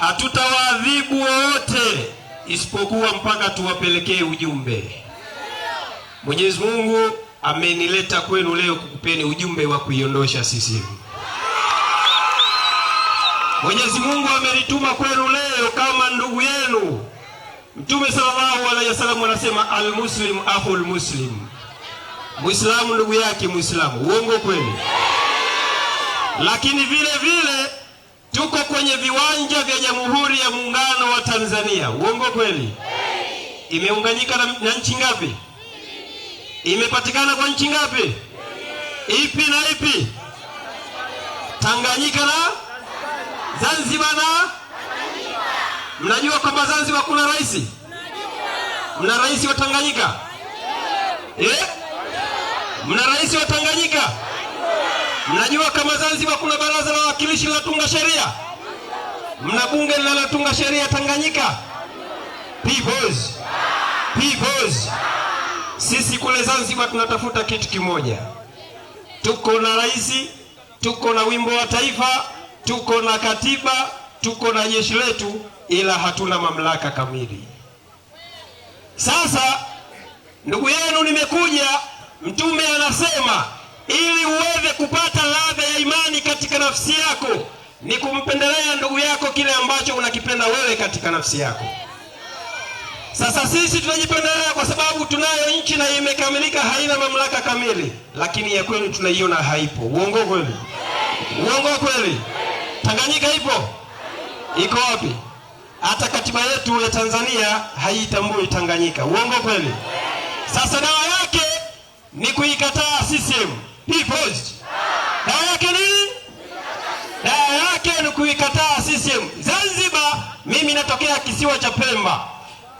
hatutawaadhibu wowote isipokuwa mpaka tuwapelekee ujumbe. Mwenyezi Mungu amenileta kwenu leo kukupeni ujumbe wa kuiondosha CCM. Mwenyezi Mungu amenituma kwenu leo kama ndugu yenu. Mtume sallallahu alaihi wasallam anasema almuslimu akhul muslim, Muislamu ndugu yake Muislamu. Uongo kweli? Lakini vile vile tuko kwenye viwanja vya Jamhuri ya Muungano wa Tanzania. Uongo kweli? Imeunganyika na, na nchi ngapi? Imepatikana kwa nchi ngapi? Ipi na ipi? Tanganyika na Zanzibar na mnajua kwamba Zanzibar kuna rais? Mna rais wa Tanganyika? Eh? Mna rais wa Tanganyika? Mnajua kama Zanzibar kuna baraza la wawakilishi la tunga sheria? Mna bunge linalotunga sheria ya Tanganyika. Peoples. Peoples. Sisi kule Zanzibar tunatafuta kitu kimoja, tuko na rais, tuko na wimbo wa taifa, tuko na katiba, tuko na jeshi letu, ila hatuna mamlaka kamili. Sasa ndugu yenu, nimekuja. Mtume anasema ili uweze kupata ladha ya imani katika nafsi yako ni kumpendelea ndugu yako kile ambacho unakipenda wewe katika nafsi yako. Sasa sisi tunajipendelea kwa sababu tunayo nchi na imekamilika, haina mamlaka kamili, lakini ya kweli tunaiona haipo. Uongo kweli? Uongo kweli? Tanganyika ipo, iko wapi? Hata katiba yetu ya Tanzania haiitambui Tanganyika. Uongo kweli? Sasa dawa yake ni kuikataa CCM. Dawa yake ni kutokea kisiwa cha Pemba.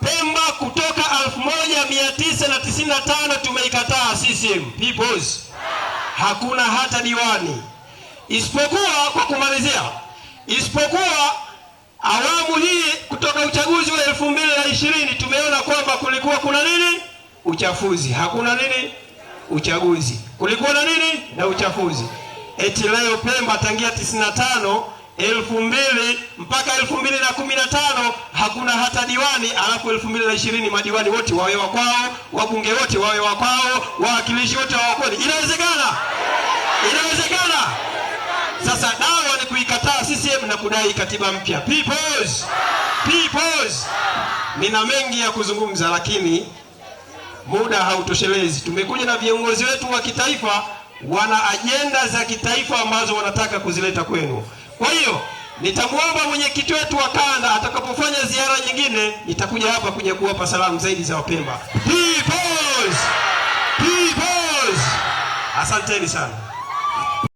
Pemba kutoka 1995 tumeikataa CCM peoples, hakuna hata diwani, isipokuwa kwa kumalizia, isipokuwa awamu hii kutoka uchaguzi wa 2020 tumeona kwamba kulikuwa kuna nini uchafuzi, hakuna nini uchaguzi, kulikuwa na nini na uchafuzi. Eti leo Pemba tangia 95 elfu mbili mpaka elfu mbili na kumi na tano hakuna hata diwani, alafu elfu mbili na ishirini madiwani wote wawe wa kwao, wabunge wote wawe wa kwao, wawakilishi wote wawe kwao. Inawezekana? Inawezekana? Sasa dawa ni kuikataa CCM na kudai katiba mpya. Peoples, peoples, nina mengi ya kuzungumza, lakini muda hautoshelezi. Tumekuja na viongozi wetu wa kitaifa, wana ajenda za kitaifa ambazo wanataka kuzileta kwenu. Kwa hiyo nitamwomba mwenyekiti wetu wa kanda atakapofanya ziara nyingine, nitakuja hapa kuja kuwapa salamu zaidi za Wapemba. Peoples! Peoples! Asanteni sana.